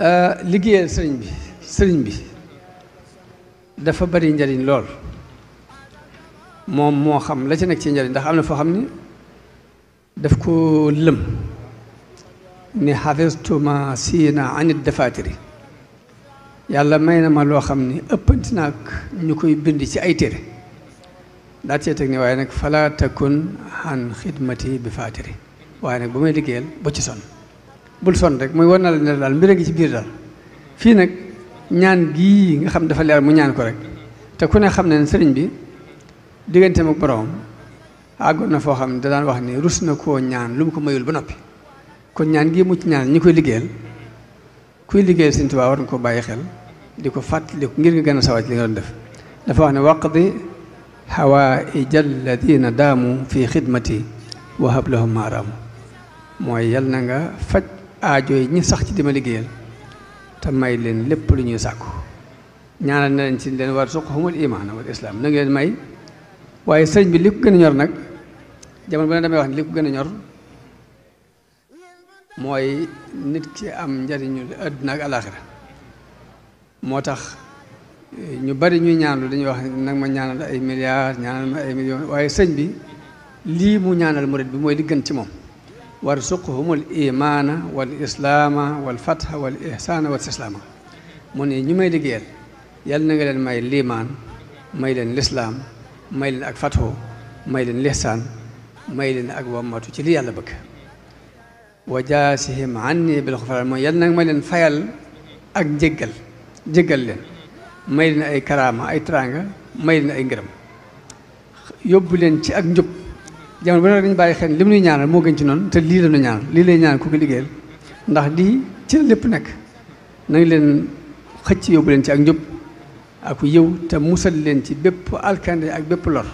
Euh, liggéeyal sëriñ bi sëriñ bi dafa bari njariñ lool moom moo xam la ci nekk ci njariñ ndax am na foo xam ni daf ko lëm ni xafistuma siina anit defaatiri yàlla may na ma loo xam ni ëppanti naag ñu koy bind ci ay téere daa cee teg ni waaye nag fala takun an xidmati bi faatiri waaye nag bu may liggéeyal bu ci sonn bul son rek muy war na la ne daal mbir a ngi ci biir daal fii nag ñaan gii nga xam dafa leer mu ñaan ko rek te ku ne xam ne sëriñ bi digganteem ak boroom àggoon na foo xam ne da daan wax ne rus na koo ñaan lu mu ko mayul ba noppi kon ñaan gii mu ci ñaan ñi koy liggéeyal kuy liggéeyal Sëriñ waa war nga ko bàyyi xel di ko fàttali ngir nga gën a sawat li nga doon def dafa wax ne waqdi hawaïja alladina daamu fi xidmati wa hablahum maaraamu mooy yal na aajo yi ñi sax ci dima liggéeyal te may leen lépp lu ñuy sàkku ñaanal na leen ci leen war suqhumul imaana wal islaam na ngi may waaye sëñ bi li ko gën a ñor nag jamono bu ne damay wax ne li ko gën a ñor mooy nit ki am njariñu àdduna ak alaaxira moo tax eh, ñu bari ñuy ñaanlu dañuy wax nag ma ñaanal ay milliards ñaanal ma ay millions waaye sëñ bi lii mu ñaanal murid bi mooy li gën ci moom وارزقهم الايمان والاسلام والفتح والاحسان والاستسلام من نيماي ديغيل يال نغا لين ماي ليمان ماي لين الاسلام ماي لين اك فتحو ماي لين الاحسان ماي لين اك وماتو تي لي يالا بك وجاسهم عني بالغفران مو يال نغا مالين فايال اك جيغال جيغال لين ماي لين اي كرامه اي ترانغا ماي لين اي غرام يوبو لين تي اك نيوب jamono bu ne dañu bàyyi xel li mu nuy ñaanal moo gën ci noonu te lii la ñu ñaanal lii lay ñaanal ku ko liggéeyal ndax lii ci lépp nekk nañ leen xëcc yóbbu leen ci ak njub ak yëw te musal leen ci bépp alkande ak bépp lor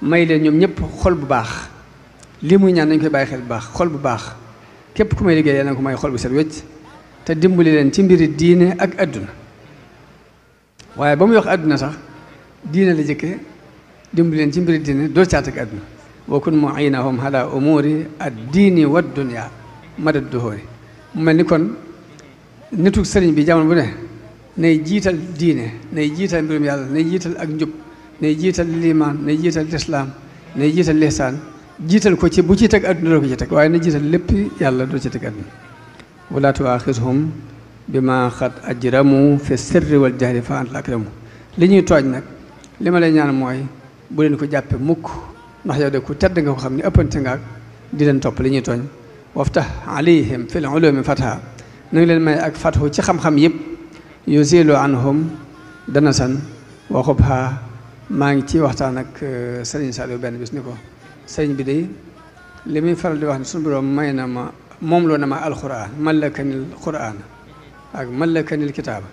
may leen ñoom ñëpp xol bu baax lii muy ñaan nañ koy bàyyi xel bu baax xol bu baax képp ku may liggéey yal na ko may xol bu set wecc te dimbali leen ci mbiri diine ak adduna waaye ba muy wax adduna sax diine la jëkke dimbali leen ci mbiri diine doo caat ak adduna وكن معينهم على أمور الدين والدنيا مدى الدهور mel ni kon nitu sëriñ bi jamono bu ne nay jiital diine nay jiital mbirum yàlla nay jiital ak njub nay jiital liimaan nay jiital lislaam nay jiital lihsaan jiital ko ci bu ci teg adduna doo ko ci teg waaye na jiital lépp yàlla doo ci teg adduna wala tuaxirhum bi ma xat ajramu fi sirri wal jahri fa ant la akramu li ñuy tooñ nag li ma lay ñaan mooy bu leen ko jàppe mukk ndax yow de ku tedd nga ko xam ne ëppante nga ak di leen topp li ñuy tooñ waftah alayhim fil ulumi fatha na ngi leen may ak fathu ci xam-xam yëpp yusilu anhum dana san waxub ha maa ngi ci waxtaan ak euh, sëriñ Saliou benn bis ni ko sëriñ bi de li muy faral di wax ne suñu borom may na ma moom loo na ma alquran mallakanil quran ak mallakanil kitaab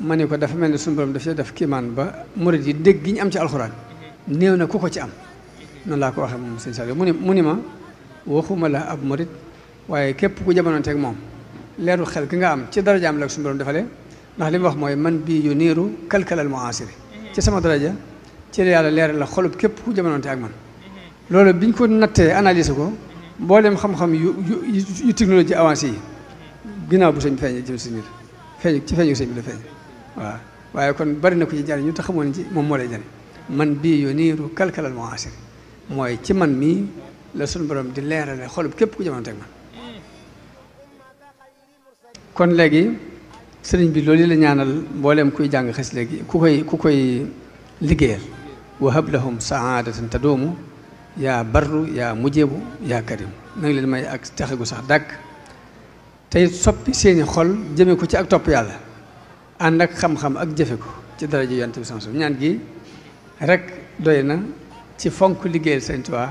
ma ne ko dafa mel ni suñu borom daf def kiimaan ba murid yi dégg gi ñu am ci alquran néew ko ci am noonu laa ko waxee moom sëñ Saliou mu ni mu ni ma waxuma la ab murit waaye képp ku jamonoonteeg moom leeru xel ki nga am ci darajaam la ak suñu borom defalee ndax li mu wax mooy man bii yu niiru kalkalal mu asiri ci sama daraja ci yàlla leeral la xolub képp ku jamonoonte ak man loolu biñ ko nattee analyse ko mboolem xam-xam yu yu technologie avancée yi ginnaaw bu sëñ feeñee jëm si biir feeñ ci feeñu bi la feeñ waaye kon bari na ko ci jariñu te xamoon ci moom moo lay jariñ man bii yu niiru kalkalal mu mooy ci man mii la suñu borom di leerale xolub képp ku jamono teg man kon léegi sëriñ bi loolu la ñaanal mbooleem kuy jàng xes léegi ku koy ku koy liggéeyal wahab lahum saadatan doomu yaa barru yaa mujjeebu yaa karim nanga leen may ak texe gu sax dàkk tey soppi seeni xol jëme ko ci ak topp yàlla ànd ak xam-xam ak jëfe ko ci daraja yonent bi sama ñaan gi rek doy na ci fonk liggéeyal Sëñ Tuubaa